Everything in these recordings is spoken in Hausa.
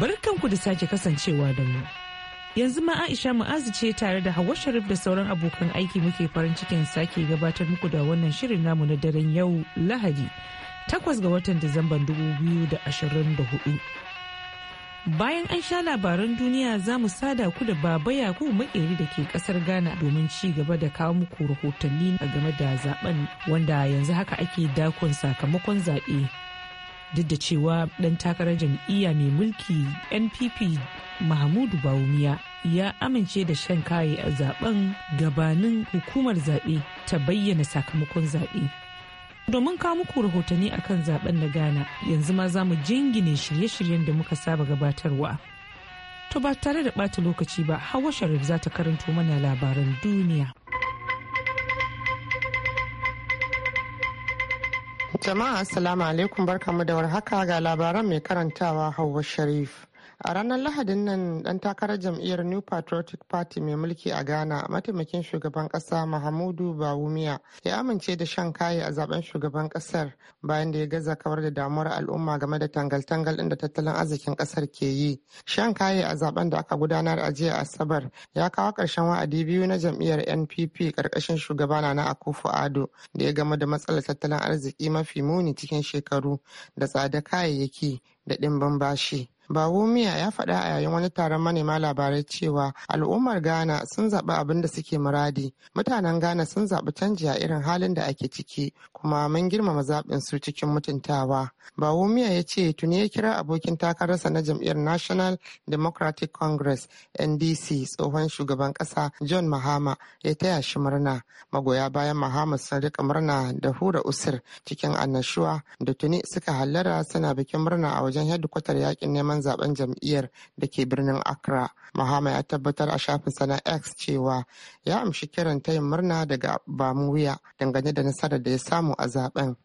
Barkanku da sake kasancewa da mu. Yanzu ma Aisha Mu'azu ce tare da Hawwa Sharif da sauran abokan aiki muke farin cikin sake gabatar muku da wannan shirin namu na daren yau Lahadi, takwas ga watan Disamban 2024. Bayan an sha labaran duniya za mu sada ku da Baba Yakubu Makeri da ke kasar Ghana domin ci gaba da kawo muku rahotanni game da zaben wanda yanzu haka ake dakon sakamakon zaɓe. duk da cewa dan takarar jam'iyya mai mulki npp mahmudu bawumiya ya amince da shan kaye a zaben gabanin hukumar zaɓe ta bayyana sakamakon zaɓe domin kawo muku rahotanni akan zaben na ghana yanzu ma za mu jingine shirye-shiryen da muka saba gabatarwa to ba tare da ɓata lokaci ba hawa sharif za ta karanto mana labaran duniya Jama'a Assalamu alaikum barkamu da warhaka ga labaran mai karantawa Hauwa Sharif. a ranar lahadin nan dan takarar jam'iyyar new patriotic party mai mulki a ghana mataimakin shugaban kasa mahamudu bawumia ya amince da shan kaye a zaben shugaban kasar bayan da ya gaza kawar da damuwar al'umma game da tangal-tangal inda tattalin arzikin kasar ke yi shan kaye a zaben da aka gudanar a jiya asabar ya kawo karshen wa'adi biyu na jam'iyyar npp karkashin shugaba na Akufu ado da ya game da matsalar tattalin arziki mafi muni cikin shekaru da tsada kayayyaki da ɗimbin bashi Bawumia ya faɗa a yayin wani taron manema labarai cewa al'ummar Ghana sun zaɓi abin da suke muradi. Mutanen Ghana sun zaɓi canji a irin halin da ake ciki kuma mun girmama zaɓin su cikin mutuntawa. Bawumia ya ce tuni ya kira abokin takararsa na jam'iyyar National Democratic Congress NDC tsohon shugaban ƙasa John Mahama ya taya shi murna. Magoya bayan Mahama sun rika murna da hura usir cikin annashuwa da tuni suka hallara suna bikin murna a wajen hedikwatar yaƙin neman neman zaben jam'iyyar da ke birnin accra mahama ya tabbatar a shafin na x cewa ya amshi kiran tayin murna daga bamuwiya dangane da nasarar da ya samu a zaben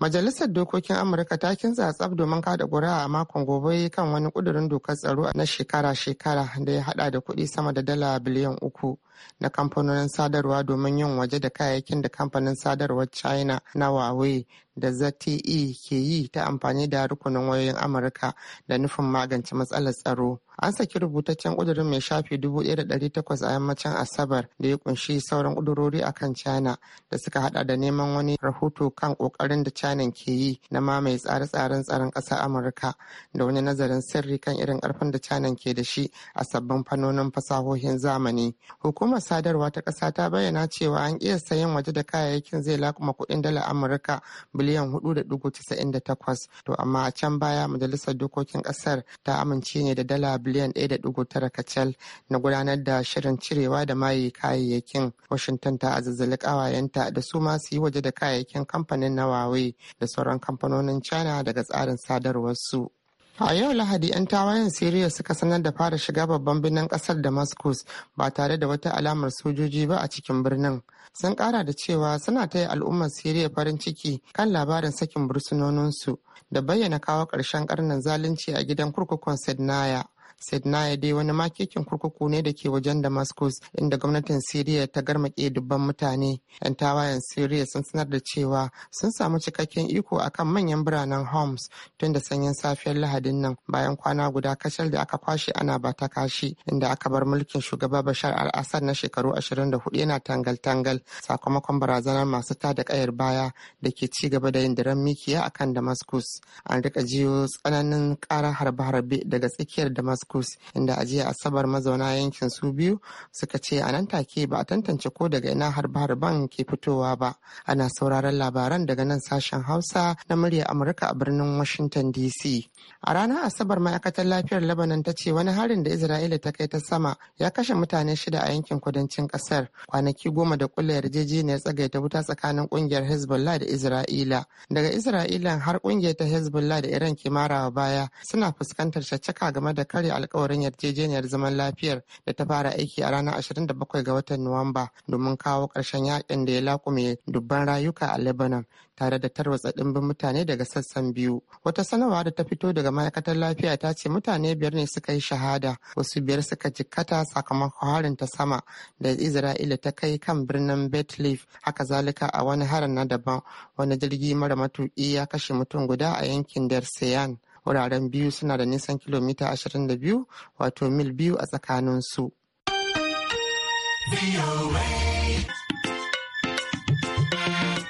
Majalisar Dokokin Amurka ta kinsa tsaf domin kada gura a makon gobe kan wani kudurin dokar tsaro na shekara-shekara da ya hada da kuɗi sama da dala biliyan uku na kamfanonin sadarwa domin yin waje da kayayyakin da kamfanin sadarwar China na Huawei da ZTE ke yi ta amfani da rukunin wayoyin Amurka da nufin magance matsalar tsaro. an saki rubutaccen ƙudurin mai shafi 1,800 a yammacin asabar da ya kunshi sauran ƙudurori a kan china da suka hada da neman wani rahoto kan ƙoƙarin da china ke yi na mamaye tsare-tsaren tsaron ƙasar amurka da wani nazarin sirri kan irin ƙarfin da china ke da shi a sabbin fannonin fasahohin zamani hukumar sadarwa ta ƙasa ta bayyana cewa an iya sayan waje da kayayyakin zai lakuma kuɗin dala amurka biliyan 4.98 to amma a can baya majalisar dokokin ƙasar ta amince ne da dala biliyan 1.9 kacal na gudanar da shirin cirewa da maye kayayyakin washington ta azazzali kawayenta da su ma su yi waje da kayayyakin kamfanin na huawei da sauran kamfanonin china daga tsarin sadarwarsu a yau lahadi 'yan tawayen siriya suka sanar da fara shiga babban birnin kasar damascus ba tare da wata alamar sojoji ba a cikin birnin sun kara da cewa suna taya al'ummar siriya farin ciki kan labarin sakin bursunoninsu da bayyana kawo ƙarshen karnin zalunci a gidan kurkukun sednaya ya dai wani makekin kurkuku ne da ke wajen Damascus inda gwamnatin Siriya ta garmake dubban mutane. 'Yan tawayen Siriya sun sanar da cewa sun samu cikakken iko akan manyan biranen Homs tun da sanyin safiyar Lahadin nan bayan kwana guda kashar da aka kwashe ana ba ta kashi inda aka bar mulkin shugaba Bashar al-Assad na shekaru ashirin hudu yana tangal-tangal sakamakon barazanar masu tada kayar baya da ke ci gaba da yin daren mikiya akan Damascus. An rika jiyo tsananin karar harbe-harbe daga tsakiyar Damascus Cruz inda a jiya Asabar mazauna yankin su biyu suka ce a nan take ba a tantance ko daga ina harbe-harben ke fitowa ba. Ana sauraron labaran daga nan sashen Hausa na murya Amurka a birnin Washington DC. A ranar Asabar ma'aikatar lafiyar Lebanon ta ce wani harin da Isra'ila ta kai ta sama ya kashe mutane shida a yankin kudancin kasar kwanaki goma da kula yarjejeniyar tsagaita wuta tsakanin kungiyar Hezbollah da Isra'ila. Daga isra'ila har kungiyar ta Hezbollah da Iran ke marawa baya suna fuskantar caccaka game da kare alkawarin yarjejeniyar zaman lafiyar da ta fara aiki a ranar 27 ga watan Nuwamba domin kawo ƙarshen yakin da ya lakume dubban rayuka a Lebanon tare da tarwatsa ɗimbin mutane daga sassan biyu. Wata sanarwa da ta fito daga ma'aikatar lafiya ta ce mutane biyar ne suka yi shahada, wasu biyar suka jikkata sakamakon harin ta sama da Isra'ila ta kai kan birnin Bethlehem. Haka zalika a wani harin na daban, wani jirgi mara matuƙi ya kashe mutum guda a yankin Derseyan. wuraren biyu suna da nisan kilomita 22 wato mil biyu a tsakanin su.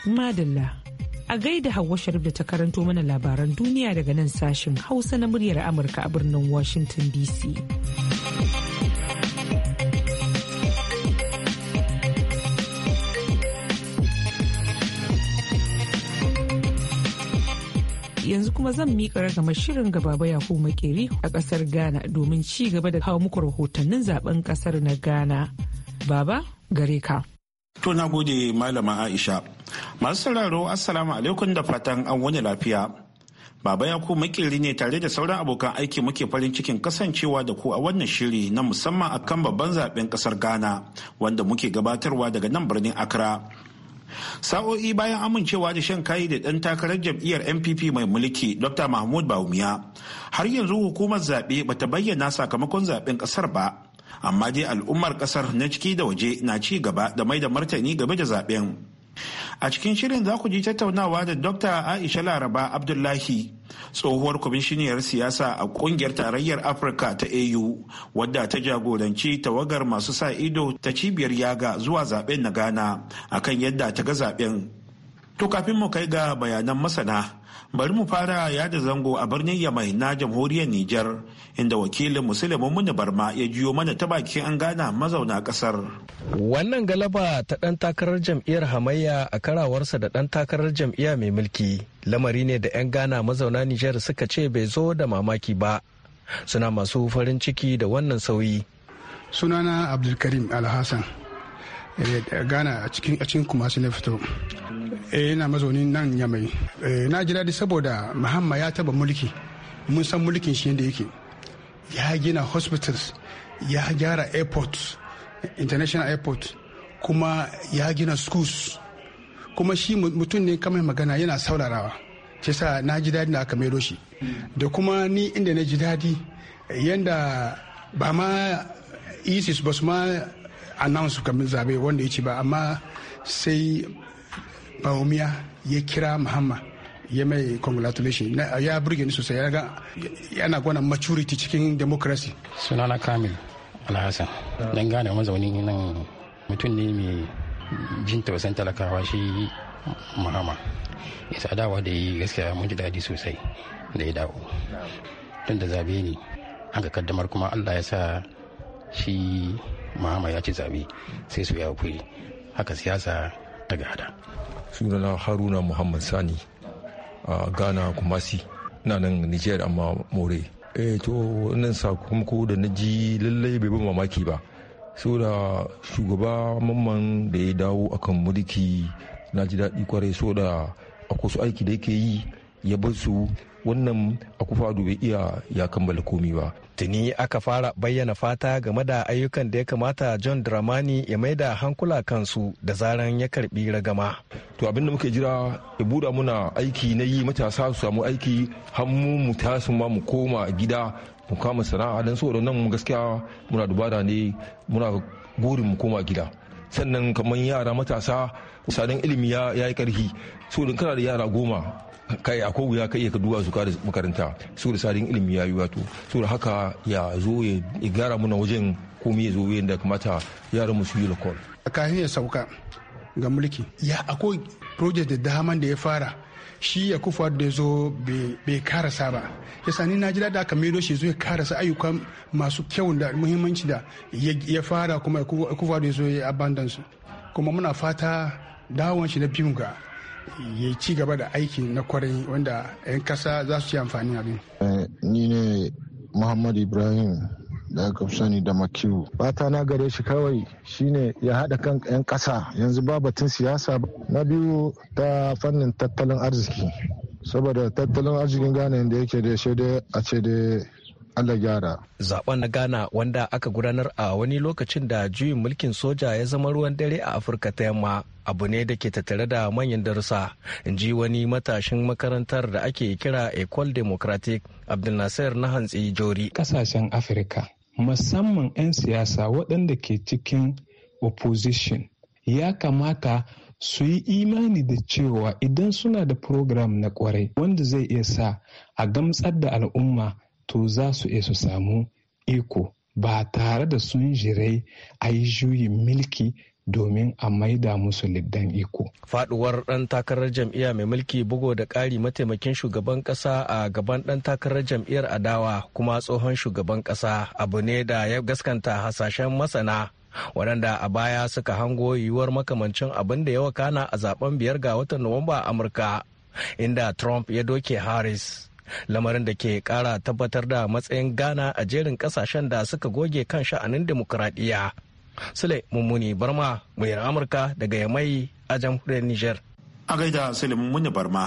Madalla a gaida Hauwa Sharif da ta karanto mana labaran duniya daga nan sashen Hausa na muryar Amurka a birnin Washington DC. yanzu kuma zan miƙa ragamar shirin ga Baba yahu Makeri a ƙasar Ghana domin ci gaba da kawo muku rahotannin zaben ƙasar na Ghana. Baba gare ka. To na gode Malama Aisha. Masu sauraro Assalamu alaikum da fatan an wani lafiya. Baba Yakubu Makeri ne tare da sauran abokan aiki muke farin cikin kasancewa da ku a wannan shiri na musamman akan babban zaben ƙasar Ghana wanda muke gabatarwa daga nan birnin Accra. sa'o'i bayan amincewa da shan kayi da ɗan takarar jam'iyyar npp mai mulki dr mahmud baumiya har yanzu hukumar zaɓe ta bayyana sakamakon zaɓen ƙasar ba amma dai al'ummar ƙasar na ciki da waje na ci gaba da mai da martani game da zaɓen a cikin shirin za ku ji tattaunawa da dr aisha laraba abdullahi tsohuwar kwamishiniyar siyasa a kungiyar tarayyar afirka ta au wadda ta jagoranci tawagar masu sa ido ta cibiyar yaga zuwa zaben na ghana akan yadda ta ga zaben to kafin mu kai ga bayanan masana bari mu fara yada zango a birnin yamai na jamhuriyar niger inda wakilin musulmin muni barma ya jiyo mana ta bakin an gana mazauna kasar Wannan galaba ta ɗan takarar jam'iyyar hamayya a karawarsa da ɗan takarar jam'iyya mai mulki lamari ne da 'yan Ghana mazauna Nijar suka ce bai zo da mamaki ba. Suna masu farin ciki da wannan sauyi. Sunana Abdulkarim Alhassan. Eh, Ghana a cikin kumasi na fito. Yana eh, mazaunin nan yamai. Eh, na ji daɗi saboda Muhammad ya taba mulki. Mun san mulkin shi yadda yake. Ya gina hospitals, ya gyara airports, international airport kuma ya gina schools kuma shi mutum ne kamar magana yana saurarawa ce sa na ji daɗi da aka shi da kuma ni inda na ji daɗi yadda ba ma isis e ba su ma announce kamar zabe wanda ya ci ba amma sai bahomiya ya kira muhammad ya mai congratulation ya burge ni sosai ya ga yana gwana maturity cikin democracy sunana kamil alhassan don gane mazaunin nan mutum ne mai jin tausan talakawa shi muhammad ya dawa da yi gaskiya mun ji daɗi sosai da ya dawo don da zabe ne an ka kaddamar kuma allah ya sa shi muhammad ya ci zabe sai su ya kuri haka siyasa ta gada sunana haruna muhammad sani a ghana kumasi na nan nijar amma more eh to wannan sakamako da na ji lallai bai ban mamaki ba saboda shugaba mamman da ya dawo akan mulki na ji daɗi kwarai saboda akwai su aiki da yake yi ya bar su wannan akufa bai iya ya kammala komi ba tuni aka fara bayyana fata game da ayyukan da ya kamata john dramani ya mai da hankula kansu da zaran ya karbi ragama to abin da muke jira ya buɗa muna aiki na yi matasa su samu aiki hannu mu tasu ma mu koma gida mu kama sana'a don saboda nan gaskiya muna dubara ne muna gori mu koma gida sannan kamar yara matasa misalin ilimi ya yi karfi saboda kana da yara goma kai akwai wuya ka iya ka duba su da makaranta su da sadin ilimi ya yi wato su da haka ya zo ya gyara muna wajen komai ya zo da kamata yaran mu su yi a kafin ya sauka ga mulki ya akwai project da daman da ya fara shi ya kufa da ya zo bai karasa ba ya sani na ji da aka maido shi zo ya karasa ayyuka masu kyau da muhimmanci da ya fara kuma ya kufa da ya zo ya abandansu kuma muna fata dawon shi na biyu ga ya ci gaba da aiki na kwarai wanda 'yan kasa za su ci amfani abin. Eh, ni ne muhammad ibrahim da aka sani da makiwu fata na gare shi kawai shine ya haɗa kan 'yan ƙasa yanzu ba batun siyasa na biyu ta fannin tattalin arziki saboda tattalin arzikin ghana da yake da shaida a ce da Allah gyara. Zaben na Ghana wanda aka gudanar a wani lokacin da juyin mulkin soja ya zama ruwan dare a Afirka ta yamma abu ne da ke tattare da manyan darussa in ji wani matashin makarantar da ake kira Ecole Democratic Abdulnasir na hantsi Jori. Kasashen Afirka musamman 'yan siyasa waɗanda ke cikin opposition ya kamata su yi imani da cewa idan suna da program na kwarai wanda zai iya sa a gamsar da al'umma to za su iya su samu iko ba tare da sun jirai a yi juyin milki domin a maida musu liddan iko. Faduwar ɗan takarar jam'iyya mai mulki bugo da ƙari mataimakin shugaban ƙasa a gaban ɗan takarar jam'iyyar adawa kuma tsohon shugaban ƙasa abu ne da ya gaskanta hasashen masana waɗanda a baya suka hango yiwuwar makamancin abin da ya wakana a zaben biyar ga watan Nuwamba a Amurka inda Trump ya doke Harris. lamarin da ke kara tabbatar da matsayin ghana a jerin kasashen da suka goge kan sha'anin demokuraɗiyya sule mummuni barma mai amurka daga yamai a jamhuriyar niger a gaida sule mummuni barma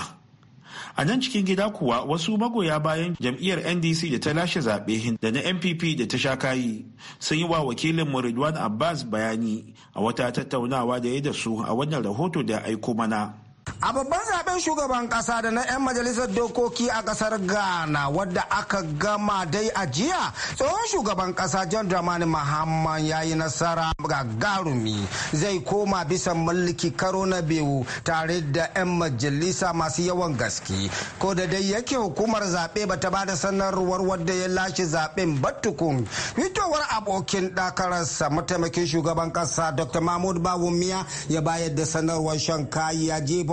a nan cikin gida kuwa wasu magoya bayan jam'iyyar ndc da ta lashe zaɓe da na mpp da ta sha kayi sun yi wa wakilin muridwan abbas bayani a wata tattaunawa da ya da su a wannan rahoto da aiko mana A babban zaben shugaban kasa da na 'yan majalisar dokoki a kasar Ghana wadda aka gama dai a jiya tsohon shugaban kasa John Dramani Mahama ya yi nasara gagarumi zai koma bisa mulki karo na biyu tare da 'yan majalisa masu yawan gaske. Ko da dai yake hukumar zaɓe ba ta bada sanarwar wadda ya lashe zaɓen batukun. Fitowar abokin ɗakararsa mataimakin shugaban kasa Dr. Mahmud Bawumiya ya bayar da sanarwar shan kayi ya jefa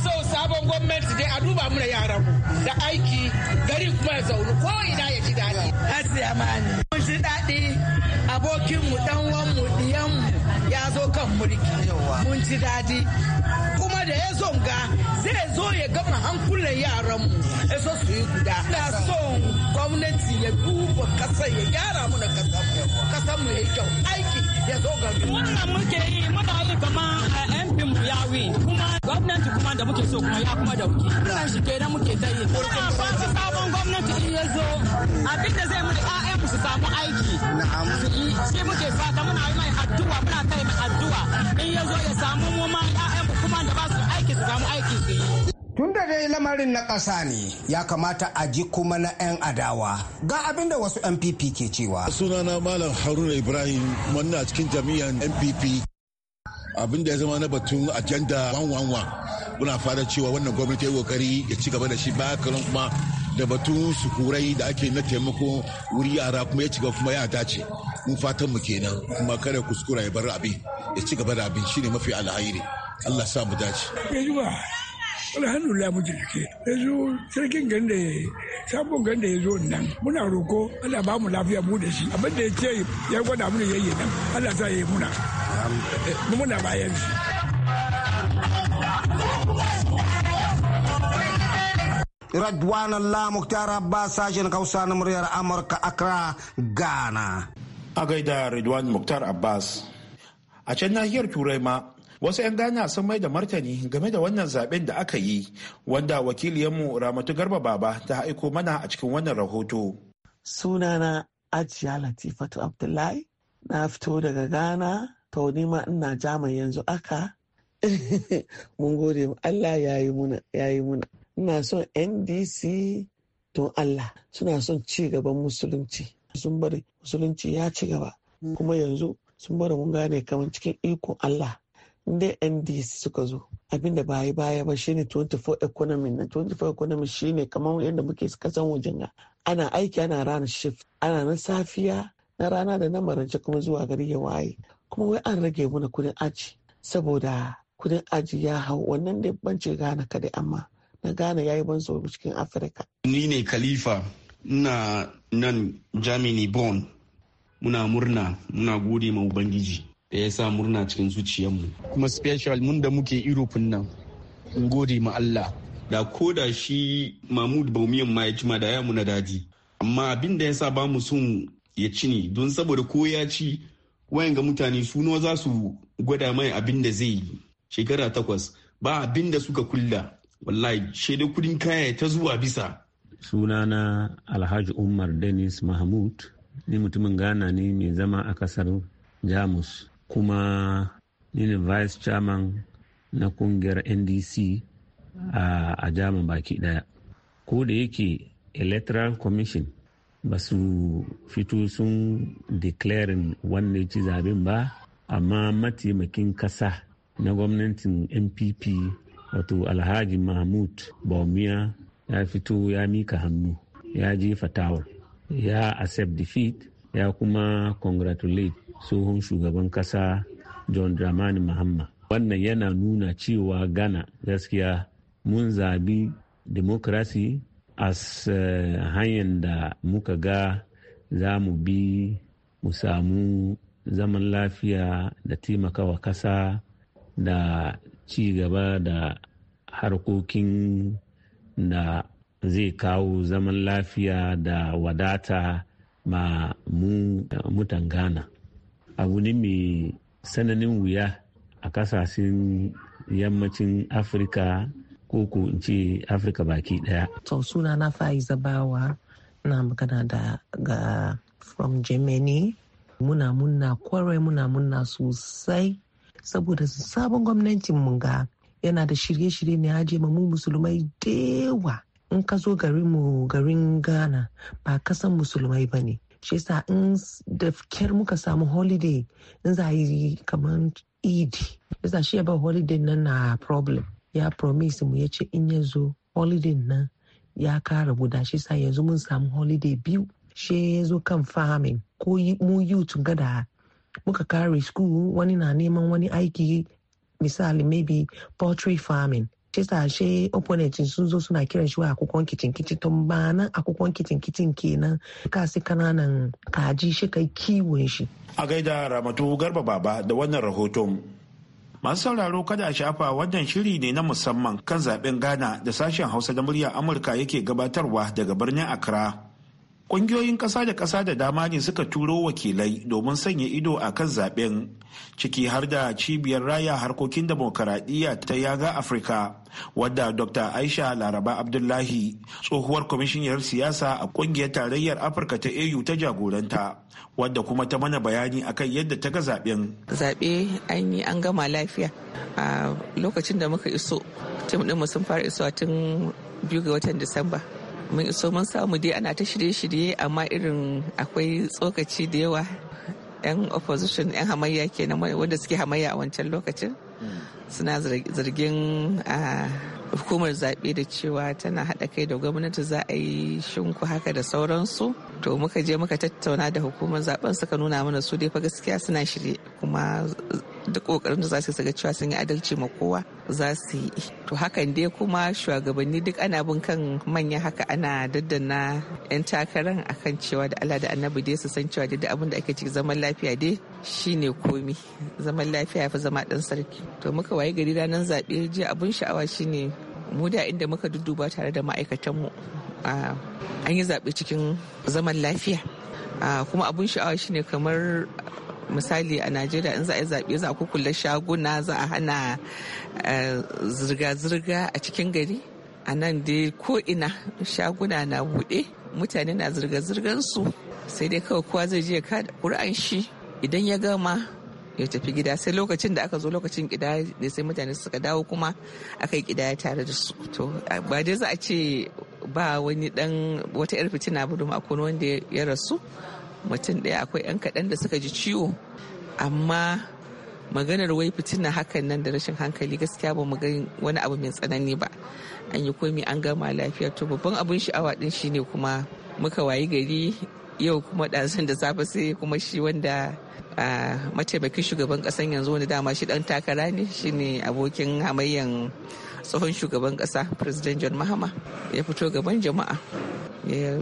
so sabon gwamnati dai a duba muna yaran mu da aiki gari kuma ya zaunu ko ina ya ji daɗi asiya mani mun ji daɗi abokin mu dan uwan mu diyan mu ya zo kan mulki mun ji daɗi kuma da ya zo ga zai zo ya gama hankulan yaran mu ya so su yi guda na son gwamnati ya duba kasa ya gyara mu da kasa kasan mu yayi kyau aiki ya zo gari wannan muke yi muna yi kama eh, MP mu ya win kuma gwamnati kuma da muke so kuma ya kuma da muke wannan shi kenan muke ta yi muna fata sabon gwamnati in ya zo abin da zai mu da ƴaƴan mu su samu aiki na'am su yi shi muke fata muna yi mai addu'a muna kai mai addu'a in ya zo ya samu mu ma ƴaƴan mu kuma da ba su aiki su samu aiki su yi Tun da dai lamarin na ƙasa ne ya kamata a ji kuma na 'yan adawa ga abin da wasu MPP ke cewa. Sunana Malam Haruna Ibrahim wannan cikin jami'an MPP abin da ya zama na batun ajanda 111 muna fara cewa wannan gwamnati ya kokari ya ci gaba da shi ba kuma da batun sukurai da ake na taimako wuri yara kuma ya ci kuma ya dace mun fatan mu kenan kuma kada kuskura ya bar abin ya ci gaba da abin shine mafi alhairi Allah sa mu dace alhamdulillah muke ciki yanzu sarkin ganda ya sabon ganda ya zo nan muna roko Allah ba mu lafiya mu da shi abin da ya ce ya gwada mu yayi nan Allah ta yi muna muna bayan shi Radwan Allah Mukhtar Abbas sashen Hausa na muryar Amurka Accra Ghana. A gaida Radwan Muktar Abbas. A can nahiyar Turai ma wasu 'yan ghana sun mai da martani game da wannan zaben da aka yi wanda wakiliyanmu ramatu garba baba ta aiko mana a cikin wannan rahoto sunana ajiya latifatu abdullahi na fito daga ghana to ma ina jama yanzu aka mun gode allah ya yi muna ina son ndc don allah suna son ci gaban musulunci sun bari musulunci ya ci gaba mm. kuma yanzu sun bari mun gane kamar cikin ikon allah inda ndc suka zo abin da baya baya ba shine 24 economy na 24 economy shine kamar yadda muke kasan wajen ga ana aiki ana rana shift ana na safiya na rana da na marance kuma zuwa gari ya waye kuma wai an rage mana kudin aji saboda kudin aji ya hau wannan da bance gana kadai amma na gana ya yi ban tsoro cikin afirka ni ne khalifa ina nan germany born muna murna muna gode ma ubangiji da ya sa murna cikin zuciyarmu kuma special mun da muke irofin nan in gode ma Allah da ko da shi mahmud baumiyan ma ya cima da ya muna daji amma abin da ya sa ba mu son ya ci ne don saboda ko ya ci wayan ga mutane su nawa za su gwada mai abin da zai yi shekara takwas ba abin da suka kulla wallahi shaidai kudin kaya ta zuwa bisa sunana alhaji umar denis mahmud ni mutumin ghana ne mai zama a kasar jamus kuma ni ne vice chairman na kungiyar ndc a jaman baki daya ko da yake electoral commission ba su fito sun declaring wannan ci zaben ba amma mataimakin kasa na gwamnatin npp wato alhaji mahmud baumiya ya fito ya mika hannu ya jefa tawul ya accept defeat ya kuma congratulate tsohon shugaban kasa john dramani mahamma wannan yana nuna cewa ghana gaskiya mun zabi demokrasi as eh, hanyar da muka ga za mu bi mu samu zaman lafiya da taimakawa kasa da ci gaba da harkokin da zai kawo zaman lafiya da wadata ma mu eh, mutan ghana abu ne mai sananin wuya a kasashen yammacin afirka ko ko in ce afirka baki daya to suna na fa'i zabawa na magana da ga from germany muna munna kwarai muna munna sosai saboda sabon gwamnatin mun ga yana da shirye-shirye ne aje ma mu musulmai dewa in ka zo garin mu garin ghana ba kasan musulmai ba ne shi yasa in da kyar muka samu holiday in za a yi kamar eid yasa shi ya ba holiday nan na problem ya promise mu ya ce in ya zo holiday nan ya kara guda shi yasa yanzu mun samu holiday biyu shi ya zo kan farming ko mu youth gada muka kare school wani na neman wani aiki misali maybe poultry farming kisashe opponent sun zo suna kiran shi wa akwukwon kicin kicin tun ba nan akukon kicin kicin kenan ka su kananan kaji shi kai kiwon shi a gaida ramatu garba baba da wannan rahoton masu sauraro kada a shafa wannan shiri ne na musamman kan zaben ghana da sashen hausa da murya amurka yake gabatarwa daga birnin accra Ƙungiyoyin ƙasa da ƙasa da dama ne suka turo wakilai domin sanya ido a kan zaɓen ciki har da cibiyar raya harkokin demokaradiyya ta yaga afirka wadda dr aisha laraba abdullahi tsohuwar kwamishiniyar siyasa a ƙungiyar tarayyar afirka ta au ta jagoranta wadda kuma ta mana bayani akan yadda ta ga zaɓen zaɓe an yi an gama lafiya a lokacin da muka iso tim mu sun fara iso tun biyu ga watan disamba mun iso mun samu dai ana ta shirye-shirye amma irin akwai tsokaci da yawa 'yan opposition 'yan hamayya kenan wanda suke hamayya a wancan lokacin hmm. suna zargin hukumar zaɓe da cewa tana haɗa kai da gwamnati za a yi shinku haka da sauransu to muka je muka tattauna da hukumar zaben suka nuna mana su dai fa gaskiya suna shirye kuma duk kokarin da za su ga cewa sun yi adalci ma kowa za su yi to hakan dai kuma shugabanni duk ana bin kan manya haka ana daddana yan takarar akan cewa da Allah da annabi dai su san cewa da abin da ake ciki zaman lafiya dai shine komi zaman lafiya fi zama dan sarki to muka waye gari ranar zaɓe jiya abin sha'awa shine mu da inda muka dudduba tare da ma'aikatanmu an yi zabe cikin zaman lafiya kuma abun sha'awa shine kamar misali a najeriya in za a zaɓe za a kukula shaguna za a hana eh, zirga-zirga a cikin gari a nan dai ko ina shaguna na buɗe mutane na zirga-zirgansu sai dai kawai kowa zai je ka ƙur'an shi idan ya gama ya tafi gida sai lokacin da aka zo lokacin kidaya ne sai mutane suka dawo kuma aka yi kidaya tare da su to ba dai za a ce ba wani dan wata yar fitina ba domin akwai wanda ya rasu mutum ɗaya akwai 'yan kaɗan da suka ji ciwo amma maganar wai fitina hakan nan da rashin hankali gaskiya ba mu gani wani abu mai tsanani ba an yi komi an gama lafiya to babban abin sha'awa din shine kuma muka wayi gari yau kuma ɗazan da safe sai kuma shi wanda mataimakin shugaban ƙasan yanzu wani dama shi ɗan takara ne shine abokin hamayyan tsohon shugaban ƙasa president john mahama ya fito gaban jama'a ya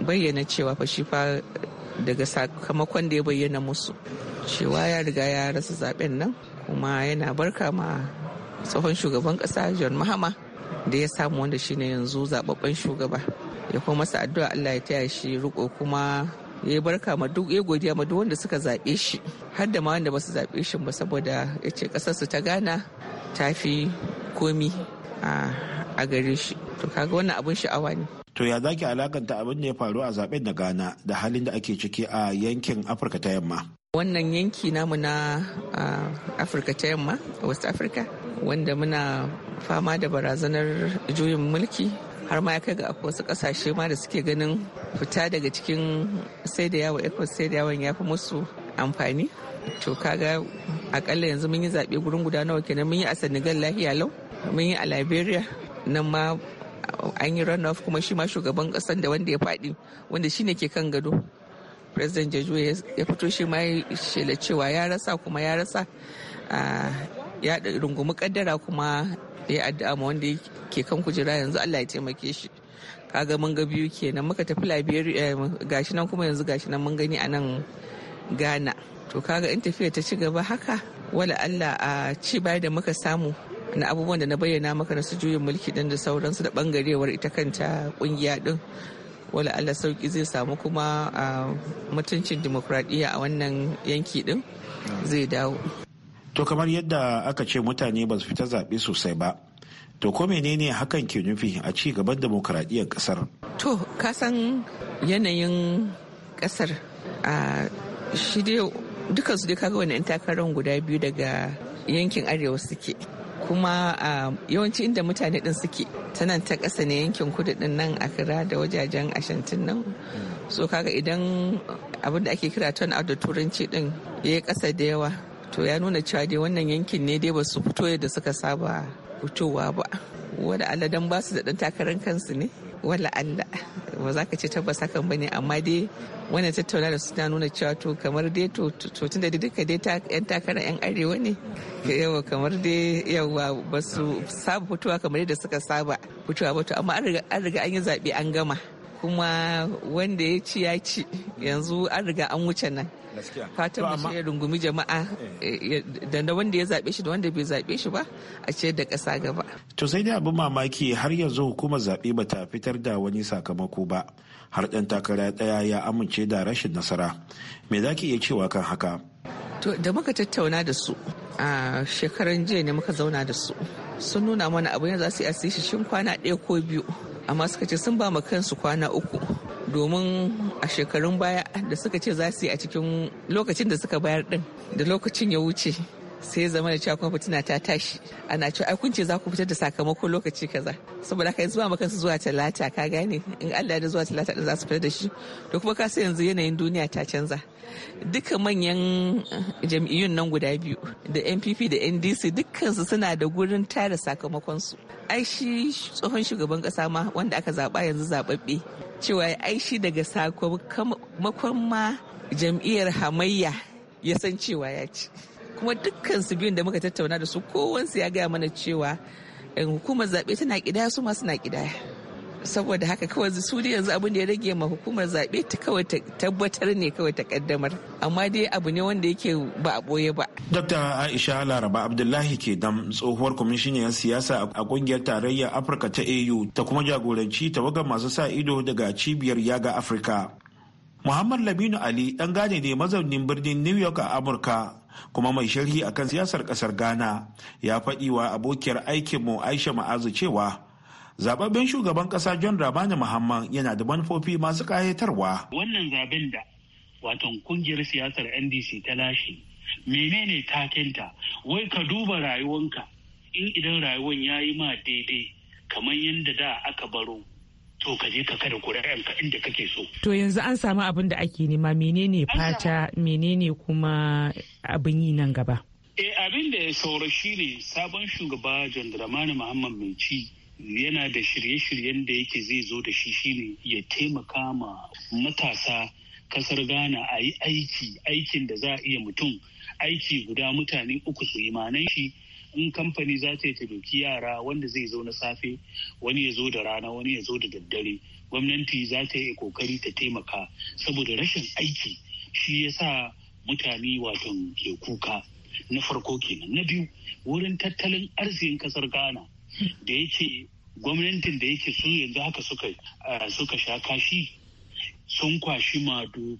bayyana cewa fa shi fa daga sakamakon da ya bayyana musu cewa ya riga ya rasa zaben nan kuma yana barka ma tsohon shugaban kasa john mahama da ya samu wanda shine yanzu zababben shugaba ya kuma masa addu'a allah ya taya shi riko kuma ya yi barka ma duk ya godiya ma duk wanda suka zaɓe shi har da ma wanda ba su zaɓe shi ba saboda ya ce ƙasarsu ta gana ta fi komi a gare shi to kaga wannan abin sha'awa ne to ya zaki alakanta abin da ya faru a zaben da ghana da halin da ake ciki a yankin afirka ta yamma wannan yanki namu na afirka ta yamma west africa wanda muna fama da barazanar juyin mulki har ma ya kai ga wasu kasashe ma da suke ganin fita daga cikin sai da yawa ecos sai da yawon ya fi musu amfani to kaga akalla yanzu mun yi zaɓe gurin guda nawa kenan mun yi a senegal lahiya lau mun yi a liberia nan ma an yi runoff kuma shi ma shugaban kasan da wanda ya faɗi wanda shine ke kan gado president jaju ya fito shi ma shela cewa ya rasa kuma ya rasa ya rungumi kaddara kuma ya addu'a ma wanda ke kan kujera yanzu allah ya taimake shi kaga mun ga biyu kenan muka tafi liberia eh, gashi nan kuma yanzu gashi nan mun gani a nan ghana to kaga in tafiya ta ci gaba haka wala allah a ci baya da muka samu na abubuwan da na bayyana maka na su juyin mulki din da sauransu da bangarewar ita kanta kungiya din wala Allah sauki zai samu kuma a mutuncin dimokuraɗiyya a wannan yanki din zai dawo. To kamar yadda aka ce mutane ba su fita zaɓe sosai ba. To ko menene hakan ke nufi a ci gaban demokuraɗiyyar kasar. To ka san yanayin ƙasar a shi dai dukansu dai kaga wani 'yan takarar guda biyu daga yankin arewa suke kuma yawanci inda mutane din suke tanan ta ƙasa ne yankin kudu din nan kira da wajajen ashantin nan so kaga idan abin da ake kira ton da turanci din ya yi ƙasa da yawa to ya nuna cewa dai wannan yankin ne dai ba su fito yadda suka saba fitowa ba wani aladan ba su da dan takarar kansu ne wala Allah ba za ka ce tabbas hakan bane amma dai wannan tattauna da su na nuna cewa to kamar dai to tun da duka dai yan takarar yan arewa ne yawa kamar dai yawa ba su saba fitowa kamar yadda suka saba fitowa ba to amma an riga an yi zaɓe an gama kuma wanda ya ci ya ci yanzu an riga an wuce nan fatan mu ya rungumi jama'a eh. Eh, da na wanda ya zaɓe shi da wanda bai zaɓe shi ba a ciyar da ƙasa gaba to sai dai abin mamaki har yanzu hukumar zaɓe ba ta fitar da wani sakamako ba har ɗan takara ɗaya ya amince da rashin nasara me za ki iya cewa kan haka to da muka tattauna da su a shekaran jiya ne muka zauna da su sun nuna mana abin da za su yi a shi kwana ɗaya ko biyu amma suka ce sun ba mu kansu kwana uku domin a shekarun baya da suka ce za su yi a cikin lokacin da suka bayar din da lokacin ya wuce sai zama da cewa kuma fitina ta tashi ana cewa ai kun ce za ku fitar da sakamako lokaci kaza saboda haka yanzu ba maka su zuwa talata ka gane in Allah da zuwa talata da za su fitar da shi to kuma ka yanzu yanayin duniya ta canza duka manyan eh, jam'iyyun nan guda biyu da NPP da NDC dukkansu suna da gurin tara sakamakon su ai shi tsohon shugaban kasa ma wanda aka zaba yanzu zababbe cewa ai shi daga sakamakon ma jam'iyyar hamayya ya san cewa ya ci kuma dukkan su biyun da muka tattauna da su kowansu ya gaya mana cewa eh, hukumar zaɓe tana ƙidaya su masu na ƙidaya saboda haka kawai su ne yanzu abin da ya rage ma hukumar zaɓe ta kawai ta tabbatar ne kawai ta kaddamar amma dai abu ne wanda yake ba a ɓoye ba. Dr. Aisha Laraba Abdullahi ke dam tsohuwar kwamishiniyar siyasa a kungiyar tarayya Afirka ta AU ta kuma jagoranci tawagar masu sa ido daga cibiyar Yaga Afirka. Muhammad labinu Ali dan gane ne mazaunin birnin New York a Amurka kuma mai sharhi akan siyasar kasar ghana ya faɗi wa abokiyar aikinmu aisha ma'azu cewa zababben shugaban kasa john rabani muhammad yana da manufofi masu kayatarwa wannan zaben da watan kungiyar siyasar ndc ta lashe menene takenta wai ka duba rayuwanka in idan rayuwan ya yi ma daidai kamar yadda da aka baro to ka je ka kada kuri'an ka inda kake so. To yanzu an samu abin da ake nema menene fata menene kuma abin yi nan gaba. E abin da ya saura shi ne sabon shugaba John Dramani Muhammad Minci yana da shirye-shiryen da yake zai zo da shi shine ya taimaka ma matasa kasar Ghana a yi aiki aikin da za a iya mutum aiki guda mutane uku su yi manan shi in kamfani za ta yi ta doki yara wanda zai zo na safe wani ya zo da rana wani ya zo da daddare gwamnati za ta yi kokari ta taimaka saboda rashin aiki shi ya sa mutane watan ke kuka na farko kenan na biyu wurin tattalin arzikin kasar ghana da yake gwamnatin da yake su yanzu haka suka suka sha kashi sun kwashi mado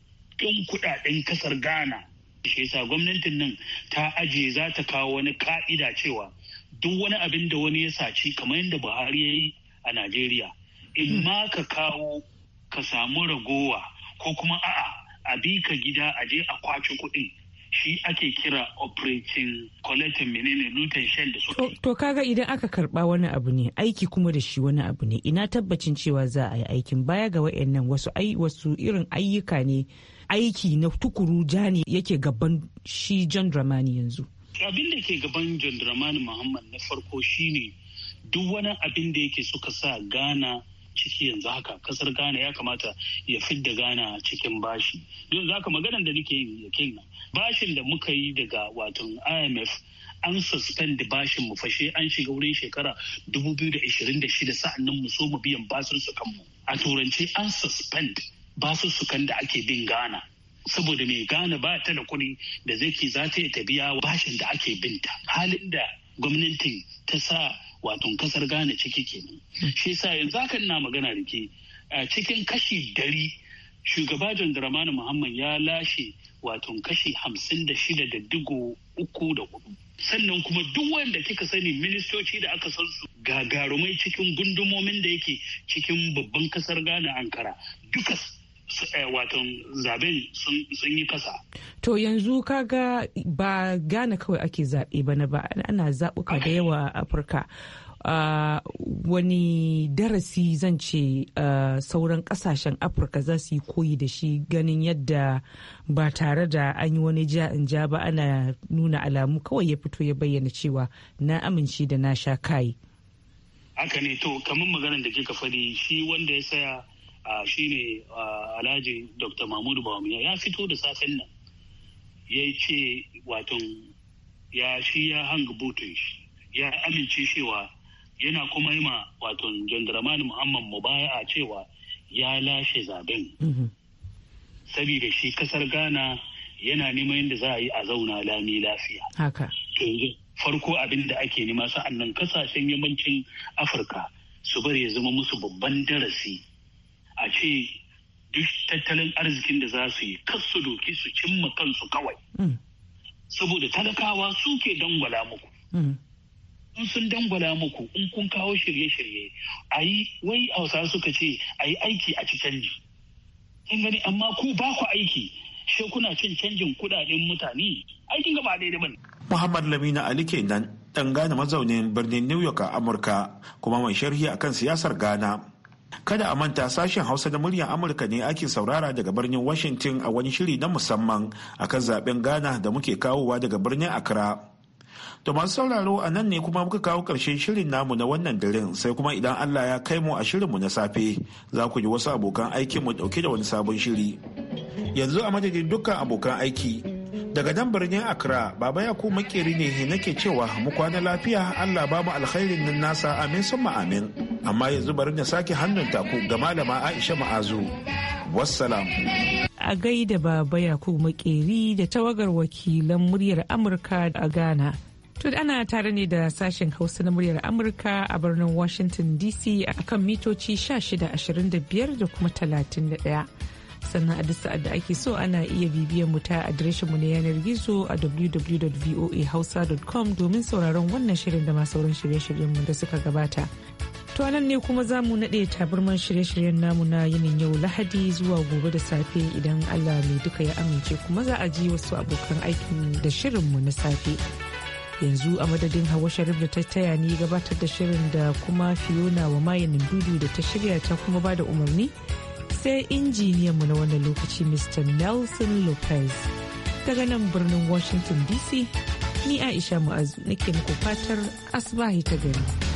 kudaden kasar ghana shi yasa gwamnatin nan ta ajiye za ta kawo wani ka'ida cewa duk wani abin da wani ya saci kamar yadda buhari ya yi a najeriya in hmm. ma ka kawo ka samu ragowa ko kuma a'a a bi ka gida a je a kwace kuɗin shi ake kira operating collecting menene lutan shell da suka to kaga idan aka karba wani abu ne aiki kuma da shi wani abu ne ina tabbacin cewa za a yi aikin baya ga wayannan wasu ai wasu irin ayyuka ne aiki na tukuru jani yake gaban shi John Dramani yanzu? Abin da ke gaban John Dramani Muhammad na farko shine duk wani abin da yake suka sa Ghana ciki yanzu haka kasar Ghana ya kamata ya fidda Ghana cikin bashi. Don za ka maganar da nake yi kenan. Bashin da muka yi daga watan IMF an suspend bashin mu fashe an shiga wurin shekara 2026 sa'annan mu so mu biyan basun su kanmu. A turanci an suspend Ba su kan da ake bin gana Saboda mai Ghana ba ta da kuɗi da zai ke za ta biya wa. bashin da ake binta. Halin da gwamnatin ta sa wato kasar Ghana ciki kenan. Shi sa yanzu haka na magana da ke cikin kashi dari shugaba John Dramani Muhammad ya lashe wato kashi hamsin da shida da digo uku da hudu. Sannan kuma duk wanda kika sani ministoci da aka san su gagarumai cikin gundumomin da yake cikin babban kasar Ghana Ankara duka watan zaben sun yi kasa. To yanzu kaga ba gane kawai ake zaɓe ba na ba ana zaɓuka da yawa a Afirka. Uh, wani darasi zan ce uh, sauran kasashen afirka za su yi koyi da shi ganin yadda ba tare da an yi wani ja ja ba ana nuna alamu kawai ya fito ya bayyana cewa na amince da na sha kai haka ne to kamar maganar da kika fari shi wanda ya saya shi ne alhaji dr mahmudu bawamiya ya fito da safen nan ya ce waton ya shi ya hanga butun shi ya amince cewa yana kuma yi ma waton Jandarmani muhammad mubaya cewa ya lashe zaben mm-hmm. saboda shi kasar ghana yana neman yadda za a yi a zauna lami lafiya haka farko abin da ake nema sa'annan kasashen yammacin afirka su bari ya zama musu babban darasi a ce duk tattalin arzikin da za su yi kas su doki su cimma kansu kawai mm. saboda talakawa suke dangwala muku mm. in sun dangwala muku in kun kawo shirye-shirye a yi wai hausa suka ce a yi aiki a ci canji in gani amma ku ba ku aiki sai kuna cin canjin kudaden mutane aikin gaba daidai ban. Muhammad Lamina Ali kenan dan Ghana mazaunin birnin New York a Amurka kuma mai sharhi akan siyasar Ghana Kada a manta sashen Hausa da muryar Amurka ne ake saurara daga birnin Washington a wani shiri na musamman a kan zaben Ghana da muke kawowa daga birnin Accra. To masu sauraro a nan ne kuma muka kawo ƙarshen shirin namu na wannan daren sai kuma idan Allah ya kai mu a shirinmu na safe za ku ji wasu abokan aikinmu mu ɗauke da wani sabon shiri. Yanzu a madadin dukkan abokan aiki daga dan birnin accra baba ya ku makeri ne nake cewa mu kwana lafiya allah ba mu alkhairin nan nasa amin sun amin amma yanzu bari na sake hannun taku ga malama aisha ma'azu wassalam a gaida baba ya ku makeri da tawagar wakilan muryar amurka a ghana To ana tare ne da sashen Hausa na muryar Amurka a birnin Washington DC akan mitoci 25 da kuma 31. sannan a duk da ake so ana iya bibiyan mu ta adireshinmu na yanar gizo a www.voahausa.com domin sauraron wannan shirin da ma sauran shirye-shiryenmu da suka gabata. To nan ne kuma za mu naɗe tabarman shirye-shiryen namu na yinin yau lahadi zuwa gobe da safe idan Allah mai duka ya amince kuma za a ji wasu abokan aikin da shirinmu na safe. Yanzu a madadin Hawa Sharif da ta taya ni gabatar da shirin da kuma Fiona wa mayanin dudu da ta shirya ta kuma ba da umarni. sai injiniyan mu na wannan lokaci Mr. Nelson Lopez. Daga nan birnin Washington DC, ni Aisha Mu'azu nake muku fatar asbahi ta gari.